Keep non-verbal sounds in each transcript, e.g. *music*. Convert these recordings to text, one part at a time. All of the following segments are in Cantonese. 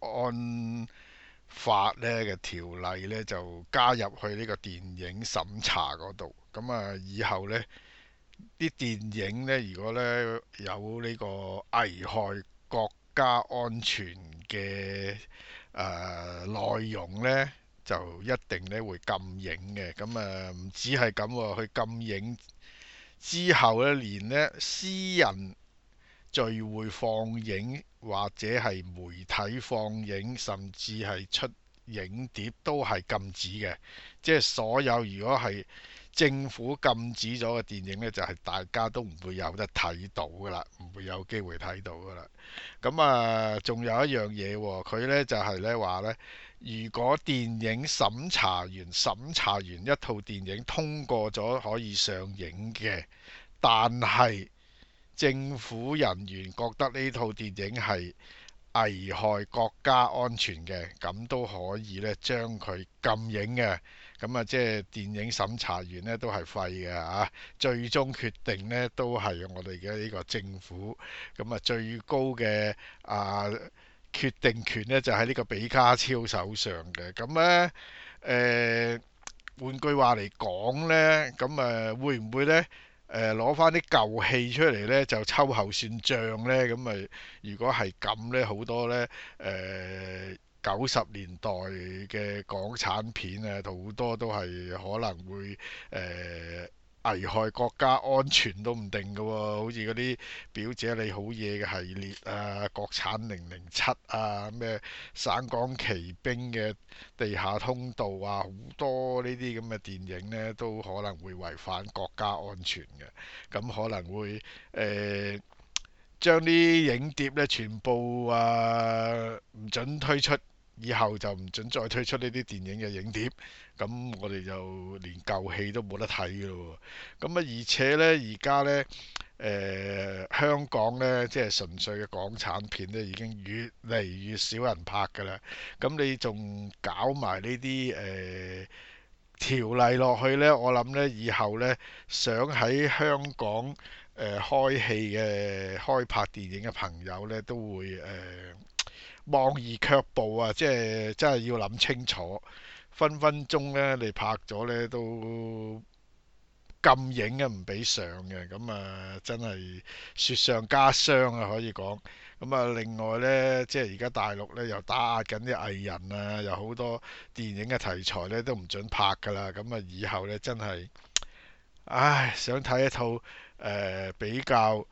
按法咧嘅條例咧就加入去呢個電影審查嗰度，咁啊以後呢啲電影呢，如果呢有呢個危害國家安全嘅誒、呃、內容呢，就一定呢會禁影嘅，咁啊唔止係咁喎，佢禁影之後咧連呢，私人聚會放映，或者係媒體放映，甚至係出影碟都係禁止嘅。即係所有如果係政府禁止咗嘅電影呢，就係大家都唔會有得睇到噶啦，唔會有機會睇到噶啦。咁啊，仲有一樣嘢喎，佢呢就係呢話呢：如果電影審查員審查完一套電影通過咗，可以上映嘅，但係，政府人員覺得呢套電影係危害國家安全嘅，咁都可以呢將佢禁影嘅。咁啊，即係電影審查員呢都係廢嘅啊。最終決定呢都係我哋嘅呢個政府，咁啊，最高嘅啊決定權呢就喺、是、呢個比卡超手上嘅。咁呢，誒、呃，換句話嚟講呢，咁誒、啊、會唔會呢？誒攞翻啲舊戲出嚟呢，就秋後算賬呢。咁咪如果係咁呢，好多呢，誒九十年代嘅港產片啊，好多都係可能會誒。呃危害國家安全都唔定㗎喎。哦，好似嗰啲表姐你好嘢嘅系列啊，國產零零七啊，咩省港奇兵嘅地下通道啊，好多呢啲咁嘅電影呢，都可能會違反國家安全嘅，咁可能會誒、呃、將啲影碟呢，全部啊唔、呃、準推出。以後就唔准再推出呢啲電影嘅影碟，咁我哋就連舊戲都冇得睇㗎喎。咁啊，而且呢，而家呢，誒、呃、香港呢，即係純粹嘅港產片呢，已經越嚟越少人拍㗎啦。咁你仲搞埋呢啲誒條例落去呢，我諗呢以後呢，想喺香港誒、呃、開戲嘅、開拍電影嘅朋友呢，都會誒、呃望而卻步啊！即係真係要諗清楚，分分鐘呢，你拍咗呢都禁影嘅，唔俾上嘅。咁、嗯、啊，真係雪上加霜啊，可以講。咁、嗯、啊，另外呢，即係而家大陸呢，又打壓緊啲藝人啊，有好多電影嘅題材呢，都唔準拍㗎啦。咁、嗯、啊，以後呢，真係，唉，想睇一套誒、呃、比較。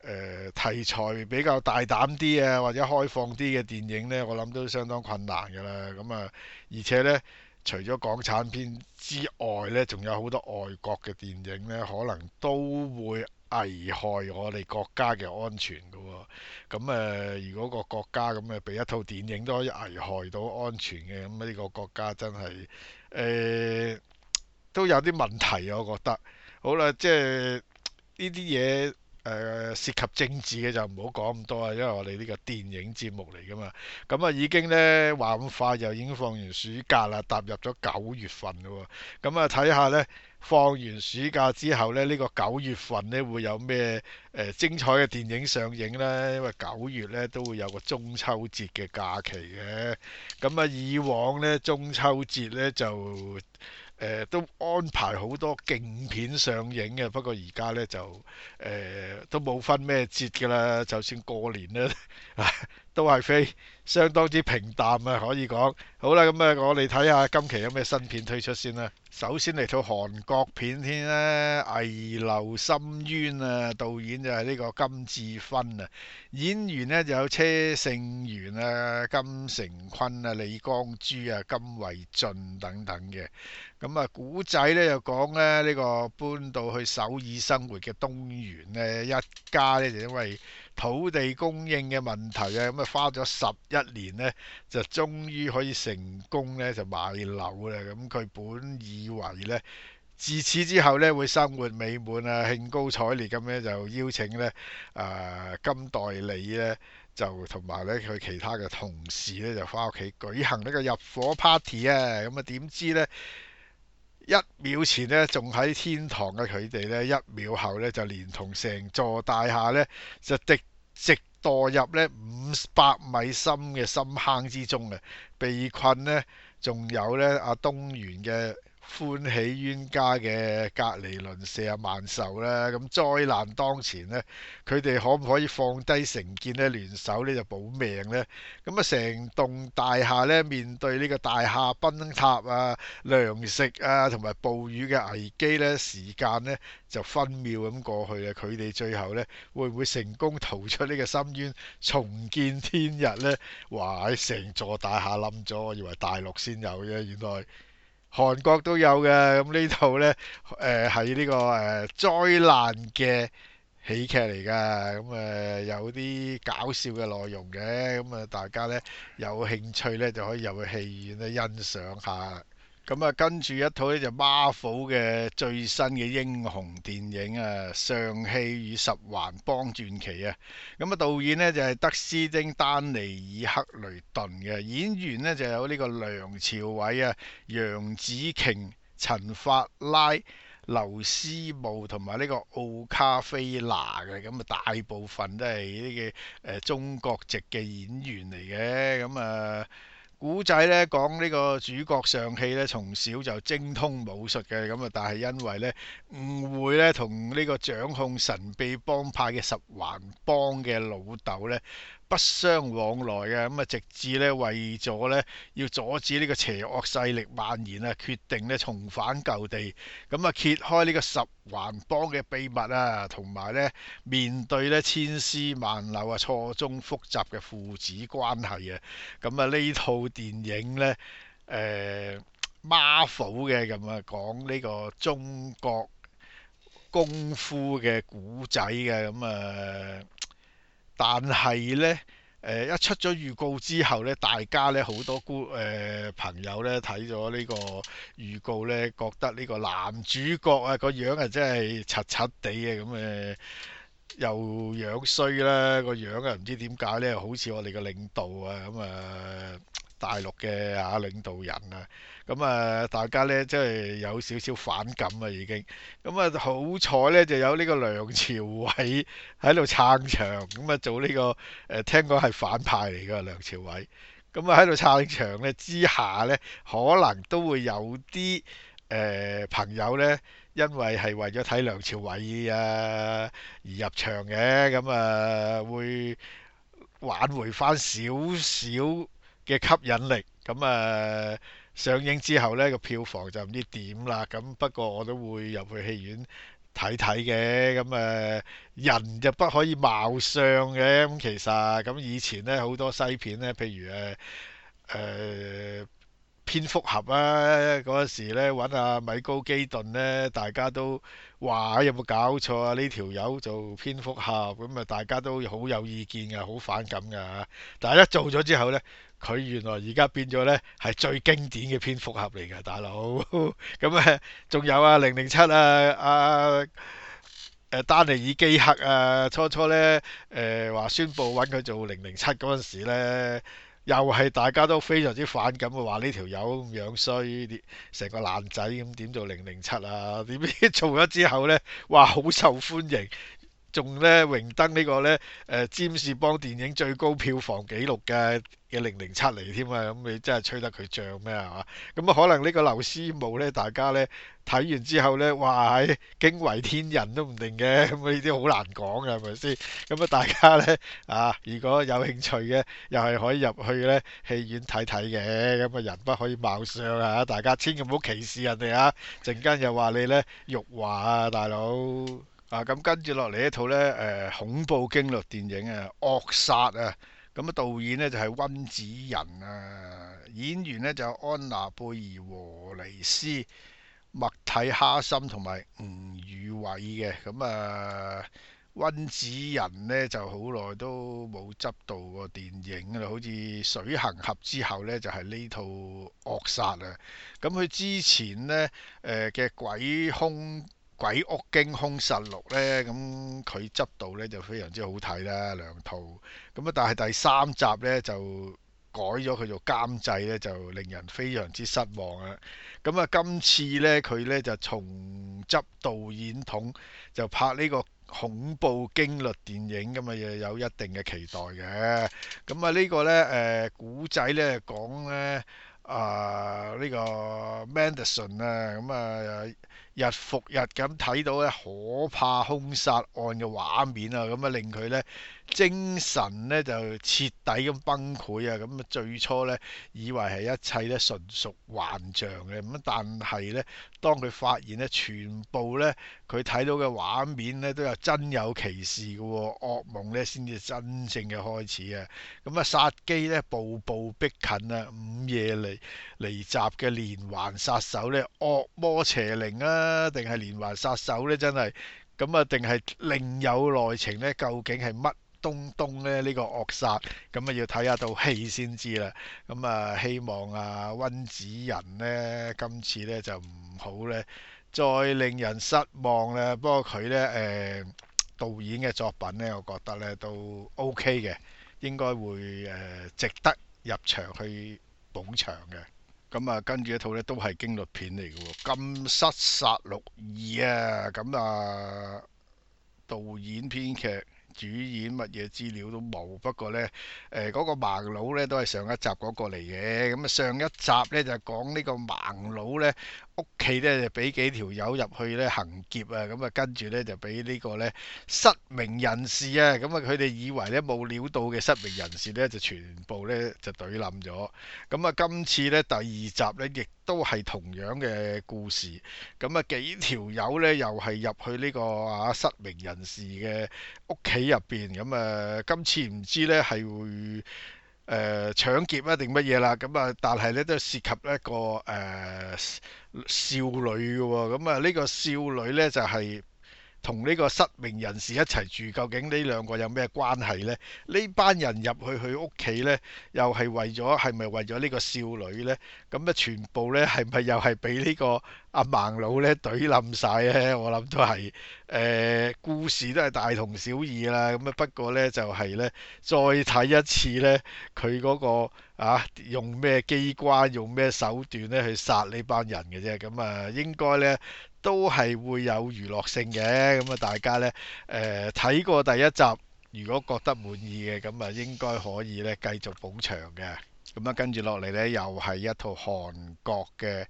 誒、呃、題材比較大膽啲啊，或者開放啲嘅電影呢，我諗都相當困難嘅啦。咁、嗯、啊，而且呢，除咗港產片之外呢，仲有好多外國嘅電影呢，可能都會危害我哋國家嘅安全嘅喎、哦。咁、嗯、誒、呃，如果個國家咁啊，俾、嗯、一套電影都可以危害到安全嘅，咁、嗯、呢、呢個國家真係誒、呃、都有啲問題，我覺得。好啦，即係呢啲嘢。誒、涉及政治嘅就唔好講咁多啊，因為我哋呢個電影節目嚟㗎嘛。咁、嗯、啊，已經呢，話咁快又已經放完暑假啦，踏入咗九月份㗎喎。咁、啊，睇下呢，放完暑假之後呢，呢、呢個九月份呢會有咩、呃、精彩嘅電影上映呢？因為九月呢都會有個中秋節嘅假期嘅。咁、嗯、啊、嗯、以往呢，中秋節呢就～呃、都安排好多勁片上映嘅，不過而家呢，就、呃、都冇分咩節㗎啦，就算過年咧。 *laughs* 都係非相當之平淡啊，可以講。好啦，咁、嗯、啊，我哋睇下今期有咩新片推出先啦。首先嚟套韓國片先啦，啊，《危樓深淵》啊，導演就係呢個金志勳啊，演員呢就有車勝元啊、金成坤啊、李光洙啊、金惠俊等等嘅。咁、嗯、啊，古仔呢又講呢，呢、這個搬到去首爾生活嘅東元呢、啊、一家呢，就因為土地供應嘅問題啊，咁啊花咗十一年咧，就終於可以成功咧，就買樓啦。咁佢本以為咧，自此之後咧會生活美滿啊，興高采烈咁樣就邀請咧，啊、呃、金代理咧，就同埋咧佢其他嘅同事咧就翻屋企舉行呢個入伙 party 啊。咁啊點知咧，一秒前咧仲喺天堂嘅佢哋咧，一秒後咧就連同成座大廈咧就滴。直墮入咧五百米深嘅深坑之中啊！被困咧，仲有咧阿東源嘅歡喜冤家嘅隔籬鄰舍啊萬壽咧，咁災難當前咧，佢哋可唔可以放低成見咧，聯手咧就保命咧？咁啊，成棟大廈咧，面對呢個大廈崩塌啊、糧食啊同埋暴雨嘅危機咧，時間咧就分秒咁過去啊！佢哋最後咧會唔會成功逃出呢個深淵，重見天日咧？哇！成座大廈冧咗，我以為大陸先有啫，原來～韓國都有嘅，咁呢套呢，誒係呢個誒、呃、災難嘅喜劇嚟㗎，咁、嗯、誒、呃、有啲搞笑嘅內容嘅，咁、嗯、啊大家呢，有興趣呢，就可以入去戲院呢，欣賞下。咁啊，跟住一套咧就 Marvel 嘅最新嘅英雄電影啊，《尚氣與十環幫傳奇》啊。咁啊，導演咧就係、是、德斯丁丹尼爾克雷頓嘅，演員咧就有呢個梁朝偉啊、楊紫瓊、陳法拉、劉思慕同埋呢個奧卡菲娜嘅。咁、嗯、啊，大部分都係呢個誒中國籍嘅演員嚟嘅。咁、嗯、啊～、呃古仔咧講呢個主角尚氣咧，從小就精通武術嘅咁啊，但係因為咧誤會咧，同呢個掌控神秘幫派嘅十環幫嘅老豆咧。不相往來嘅咁啊，直至咧為咗咧要阻止呢個邪惡勢力蔓延啊，決定咧重返舊地，咁、嗯、啊揭開呢個十環幫嘅秘密啊，同埋咧面對咧千絲萬縷啊錯綜複雜嘅父子關係啊，咁啊呢套電影咧誒 Marvel 嘅咁啊講呢、呃嗯、講個中國功夫嘅古仔嘅咁啊。嗯呃但係呢，誒、呃、一出咗預告之後咧，大家咧好多姑誒、呃、朋友咧睇咗呢個預告咧，覺得呢個男主角啊個樣啊真係柒柒地嘅咁誒。嗯呃又樣衰啦，個樣啊唔知點解呢。好似我哋個領導啊咁啊、嗯、大陸嘅啊領導人啊，咁、嗯、啊大家呢真係有少少反感啊已經，咁、嗯、啊好彩呢就有呢個梁朝偉喺度撐場，咁、嗯、啊做呢、呢個誒、呃、聽講係反派嚟㗎梁朝偉，咁啊喺度撐場呢之下呢，可能都會有啲。誒、呃、朋友呢，因為係為咗睇梁朝偉啊而入場嘅，咁、嗯、啊、呃、會挽回翻少少嘅吸引力。咁、嗯、啊、呃、上映之後呢，個票房就唔知點啦。咁、嗯、不過我都會入去戲院睇睇嘅。咁、嗯、誒、呃、人就不可以貌相嘅。咁、嗯、其實咁、嗯、以前呢，好多西片呢，譬如誒誒。呃呃蝙蝠俠啊！嗰陣時咧揾阿米高基頓咧，大家都話有冇搞錯啊？呢條友做蝙蝠俠咁啊，大家都好有意見啊，好反感嘅，但係一做咗之後咧，佢原來而家變咗咧係最經典嘅蝙蝠俠嚟嘅，大佬。咁咧仲有啊零零七啊阿誒、啊、丹尼爾基克啊，初初咧誒話宣佈揾佢做零零七嗰陣時咧。又係大家都非常之反感，話呢條友咁樣衰啲，成個爛仔咁點做零零七啊？點知做咗之後咧，哇好受歡迎！仲咧榮登個呢個咧誒《占、呃、士邦電影》最高票房紀錄嘅嘅零零七嚟添啊！咁、嗯、你真係吹得佢漲咩係嘛？咁啊、嗯、可能個劉思呢個《劉思慕》咧，大家咧睇完之後咧，哇喺、哎、驚為天人都唔定嘅咁呢啲好難講嘅係咪先？咁啊、嗯、大家咧啊，如果有興趣嘅，又係可以入去咧戲院睇睇嘅。咁啊人不可以貌相啊！大家千祈唔好歧視人哋啊！陣間又話你咧辱華啊，大佬。啊，咁跟住落嚟一套咧，誒、呃、恐怖驚慄電影啊，惡煞啊，咁、嗯、啊導演咧就係、是、温子仁啊，演員咧就是、安娜貝爾和尼斯、麥蒂哈森同埋吳宇偉嘅，咁啊温子仁咧就好耐都冇執到個電影啦，好似水行俠之後咧就係、是、呢套惡煞啊，咁、嗯、佢、嗯、之前咧誒嘅鬼兇。詭屋驚凶實錄呢，咁佢執導呢就非常之好睇啦，兩套。咁啊，但係第三集呢就改咗佢做監製呢就令人非常之失望啊。咁啊，今次呢佢呢就重執導演筒，就拍呢個恐怖驚慄電影，咁啊又有一定嘅期待嘅。咁、呃呃這個、啊，呢個呢誒古仔呢講呢，啊呢個 Manderson 啊，咁啊。日復日咁睇到咧可怕兇殺案嘅畫面啊，咁啊令佢咧精神咧就徹底咁崩潰啊！咁啊最初咧以為係一切咧純屬幻象嘅，咁但係咧當佢發現咧全部咧佢睇到嘅畫面咧都有真有其事嘅喎，噩夢咧先至真正嘅開始啊！咁啊殺機咧步步逼近啊，午夜嚟嚟襲嘅連環殺手咧惡魔邪靈啊！定係連環殺手呢？真係咁啊？定係另有內情呢？究竟係乜東東呢？呢、這個惡殺咁啊，要睇下套戲先知啦。咁啊，希望啊温子仁呢，今次呢就唔好呢，再令人失望啦。不過佢呢，誒、呃、導演嘅作品呢，我覺得呢都 OK 嘅，應該會誒、呃、值得入場去捧場嘅。咁啊、嗯，跟住一套咧都係驚悚片嚟嘅喎，yeah, 嗯《禁室殺戮2》啊，咁啊，導演編劇。主演乜嘢資料都冇，不過呢誒嗰、呃嗰個盲佬呢都係上一集嗰個嚟嘅，咁啊上一集呢就講呢個盲佬呢屋企呢就俾幾條友入去呢行劫啊，咁、嗯、啊跟住呢就俾呢個呢失明人士啊，咁啊佢哋以為呢冇料到嘅失明人士呢就全部呢就隊冧咗，咁、嗯、啊今次呢第二集呢亦。都係同樣嘅故事，咁啊幾條友呢又係入去呢、這個啊失明人士嘅屋企入邊，咁啊今次唔知呢係會誒、呃、搶劫啊定乜嘢啦？咁啊但係呢都涉及一個誒、呃、少女嘅喎，咁啊呢、這個少女呢就係、是。同呢個失明人士一齊住，究竟呢兩個有咩關係呢？呢班人入去佢屋企呢，又係為咗係咪為咗呢個少女呢？咁啊，全部呢，係咪又係俾呢個阿、啊、盲佬呢？懟冧晒呢？我諗都係誒、呃，故事都係大同小異啦。咁啊，不過呢，就係、係、呢，再睇一次呢，佢嗰、嗰個啊用咩機關、用咩手段呢？去殺呢班人嘅啫。咁啊、呃，應該呢。都係會有娛樂性嘅，咁啊，大家呢，誒睇、呃、過第一集，如果覺得滿意嘅，咁啊應該可以咧繼續補場嘅。咁、嗯、啊跟住落嚟呢，又係一套韓國嘅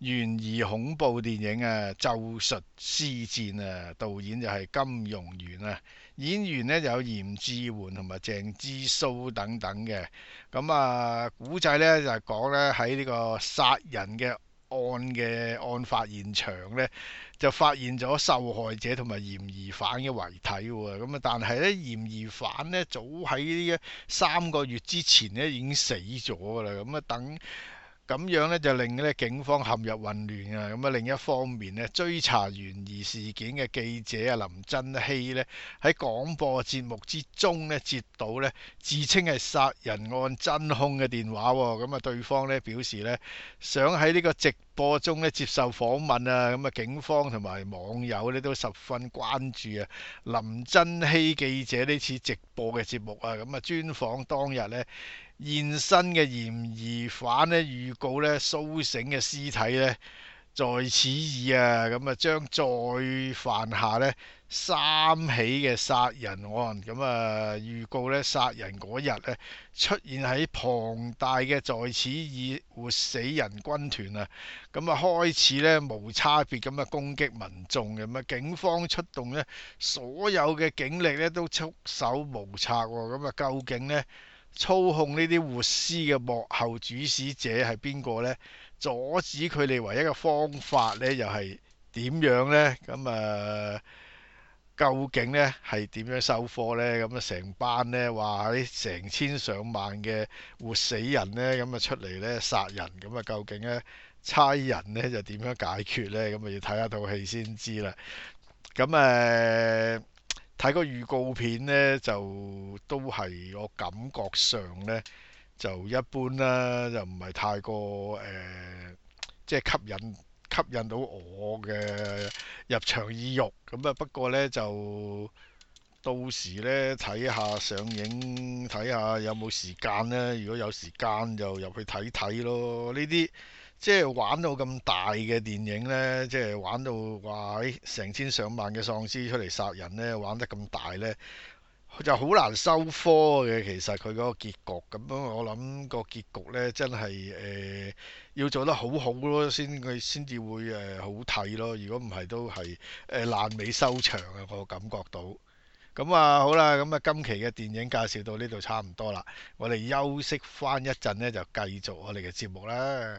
懸疑恐怖電影啊，《咒術屍戰》啊，導演就係金容元啊，演員咧就有嚴志媛同埋鄭之蘇等等嘅。咁、嗯、啊古仔呢就係、是、講呢喺呢個殺人嘅案嘅案發現場咧，就發現咗受害者同埋嫌疑犯嘅遺體喎。咁啊，但係咧，嫌疑犯咧早喺呢三個月之前咧已經死咗噶啦。咁啊，等。咁樣咧就令咧警方陷入混亂啊！咁啊另一方面咧，追查懸疑事件嘅記者啊林真希咧喺廣播節目之中咧接到咧自稱係殺人案真凶嘅電話，哦喎！咁啊對方咧表示咧想喺呢個直播中咧接受訪問啊，咁啊警方同埋網友咧都十分關注啊。林真熙記者呢次直播嘅節目啊，咁啊專訪當日咧現身嘅嫌疑犯咧預告咧蘇醒嘅屍體咧。在此意啊，咁啊將再犯下咧三起嘅殺人案，咁啊預告咧殺人嗰日咧出現喺龐大嘅在此意活死人軍團啊，咁啊開始咧無差別咁啊攻擊民眾嘅，咁啊警方出動咧所有嘅警力咧都束手無策喎、哦，咁啊究竟咧操控呢啲活屍嘅幕後主使者係邊個咧？阻止佢哋唯一嘅方法呢，又係點樣呢？咁、嗯、啊，究竟呢係點樣收科呢？咁、嗯、啊，成班呢話喺成千上萬嘅活死人呢，咁、嗯、啊，出嚟呢殺人，咁、嗯、啊，究竟呢差人呢，就點樣解決呢？咁、嗯、啊要睇下套戲先知啦。咁誒睇個預告片呢，就都係我感覺上呢。就一般啦，就唔係太過誒、呃，即係吸引吸引到我嘅入場意欲咁啊！不過呢，就到時呢，睇下上映，睇下有冇時間呢。如果有時間就入去睇睇咯。呢啲即係玩到咁大嘅電影呢，即係玩到哇！成千上萬嘅喪屍出嚟殺人呢，玩得咁大呢。就好難收科嘅，其實佢嗰個結局咁樣，我諗個結局呢，真係誒、呃、要做得好好咯，先佢先至會誒、呃、好睇咯。如果唔係都係誒爛尾收場啊，我感覺到。咁啊好啦，咁啊今期嘅電影介紹到呢度差唔多啦，我哋休息返一陣呢，就繼續我哋嘅節目啦。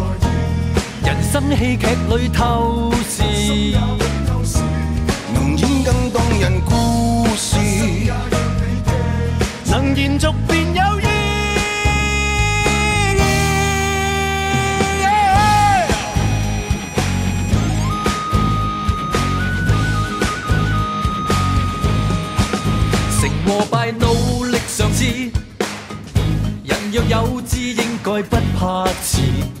人生戲劇裏透視，能演更動人故事。能延續便有意義。成 Yeah! 和敗努力嘗試，人若有志應該不怕遲。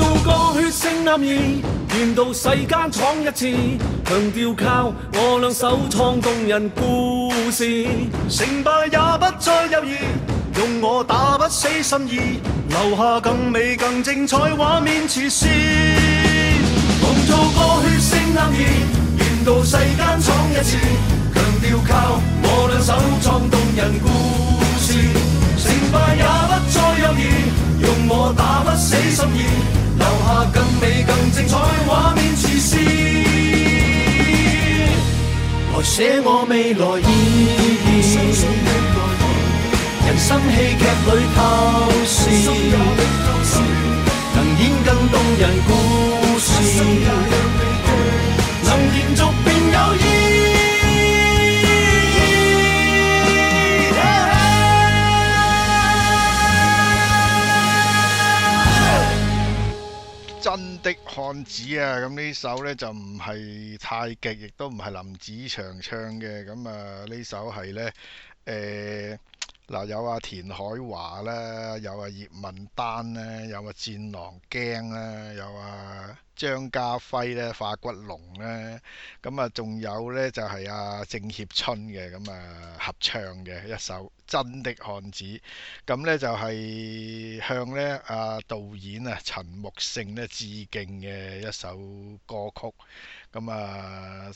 做個血性男兒，沿途世間闖一次，強調靠我兩手創動人故事，成敗也不再猶豫，用我打不死心意，留下更美更精彩畫面全是我。夢做個血性男兒，沿途世間闖一次。寫我未來意義，人生戲劇裏透視，能演更動人故事，能延續。君子、嗯、啊，咁呢首呢就唔係太極，亦都唔係林子祥唱嘅，咁啊呢首係呢。誒、呃。嗱，有阿田海華咧，有阿葉問丹咧，有阿戰狼驚咧，有阿張家輝咧，化骨龍咧，咁啊，仲有咧就係阿鄭協春嘅咁啊合唱嘅一首《真的漢子》，咁咧就係向咧阿導演啊陳木勝咧致敬嘅一首歌曲，咁啊。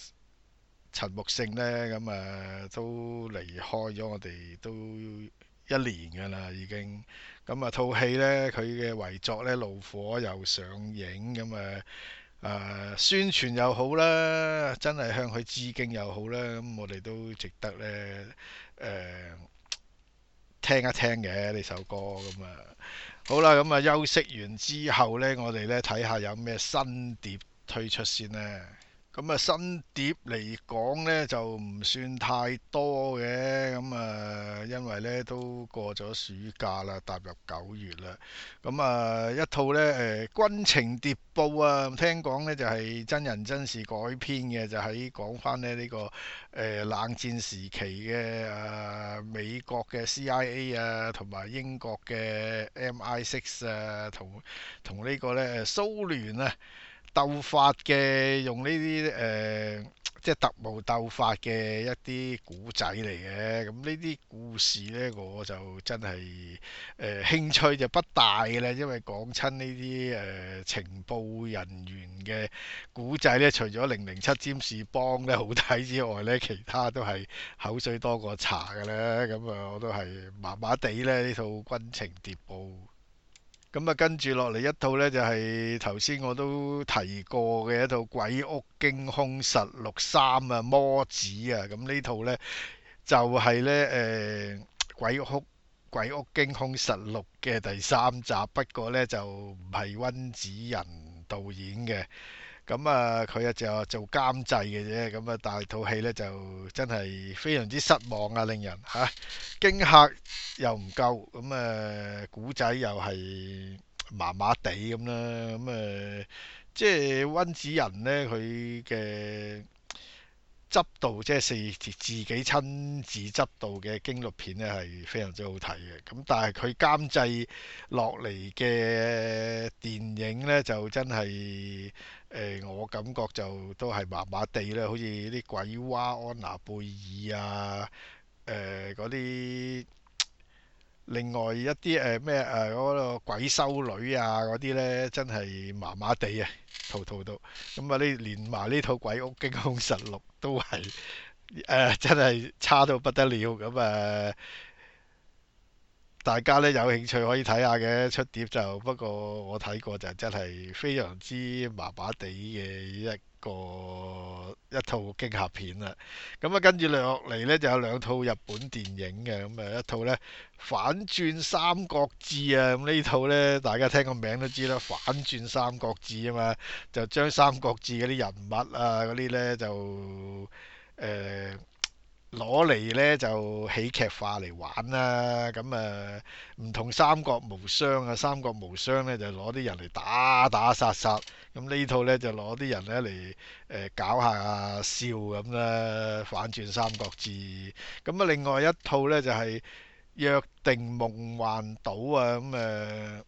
陳木勝咧咁啊，都離開咗我哋都一年㗎啦已經，咁、嗯、啊套戲咧佢嘅遺作咧怒火又上映咁啊，誒、嗯呃、宣傳又好啦，真係向佢致敬又好啦，咁、嗯、我哋都值得咧誒、呃、聽一聽嘅呢首歌咁啊、嗯嗯嗯嗯、好啦，咁、嗯、啊休息完之後咧，我哋咧睇下有咩新碟推出先咧。咁啊、嗯、新碟嚟講呢就唔算太多嘅，咁、嗯、啊、呃、因為呢都過咗暑假啦，踏入九月啦，咁、嗯、啊、呃、一套呢誒、呃《軍情碟報》啊，聽講呢就係、是、真人真事改編嘅，就喺講翻咧呢、這個誒、呃、冷戰時期嘅啊、呃、美國嘅 CIA 啊，同埋英國嘅 MI6 啊，同同呢個呢蘇聯啊。鬥法嘅用呢啲誒，即係特務鬥法嘅一啲古仔嚟嘅。咁呢啲故事呢，我就真係誒、呃、興趣就不大嘅啦。因為講親呢啲誒情報人員嘅古仔呢，除咗零零七占士邦，呢好睇之外呢，其他都係口水多過茶嘅啦。咁、嗯、啊、嗯，我都係麻麻地咧呢套軍情諜報。咁啊，跟住落嚟一套呢，就係頭先我都提過嘅一套《詭屋驚凶實錄三》啊，《魔旨》啊，咁呢套呢、就係，就係呢誒《詭屋詭屋驚凶實錄》嘅第三集，不過呢，就唔係温子仁導演嘅。咁啊，佢啊、嗯、就做監製嘅啫。咁啊，但係套戲咧就真係非常之失望啊，令人嚇、啊、驚嚇又唔夠。咁、嗯、啊，古仔又係麻麻地咁啦。咁、嗯、啊、呃，即係温子仁咧，佢嘅執導即係四自自己親自執導嘅驚慄片咧，係非常之好睇嘅。咁但係佢監製落嚟嘅電影咧，就真係～誒、呃、我感覺就都係麻麻地啦，好似啲鬼娃安娜貝爾啊，誒嗰啲另外一啲誒咩誒嗰個鬼修女啊，嗰啲呢真係麻麻地啊，套套到咁啊！呢、嗯、連埋呢套詭屋驚凶實錄都係誒、呃、真係差到不得了咁啊！嗯呃大家咧，有興趣可以睇下嘅出碟就，不過我睇過就真係非常之麻麻地嘅一個一套驚嚇片啦。咁、嗯、啊跟住落嚟咧就有兩套日本電影嘅，咁啊一套咧反轉三國志啊，咁呢套咧大家聽個名都知啦，反轉三國志啊、嗯、嘛，就將三國志嗰啲人物啊嗰啲咧就誒。呃攞嚟呢就喜劇化嚟玩啦、啊，咁誒唔同三國無雙、啊《三國無雙》啊，《三國無雙》呢就攞啲人嚟打打殺殺，咁呢套呢就攞啲人呢嚟、呃、搞下笑咁、啊、啦、啊，反轉《三國志》。咁啊，另外一套呢就係、是《約定夢幻島》啊，咁誒、啊。